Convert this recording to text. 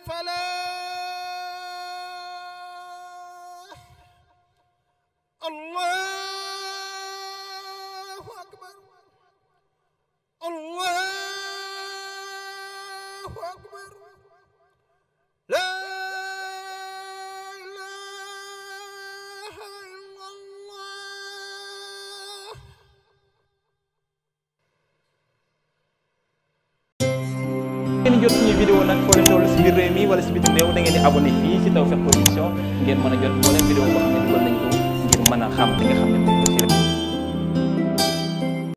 الفلاح الله أكبر الله أكبر ngeen jot suñu vidéo nag foo leen toll si biir réew mi wala si bitim réew da ngeen di abonné fii si Tawfekh